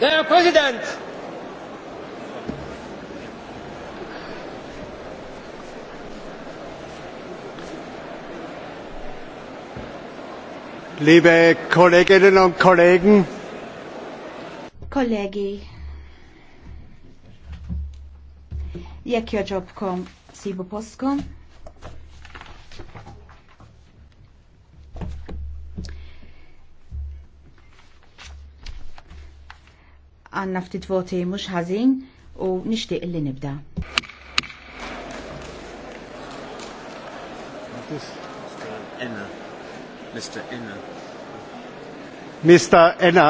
Der Präsident! Liebe Kolleginnen und Kollegen, Kollegi, jekk joġobkom sibu postkom. għanna ftit voti mhux ħażin u nixtieq li nibda. Mr. Enna. Mr. Enna.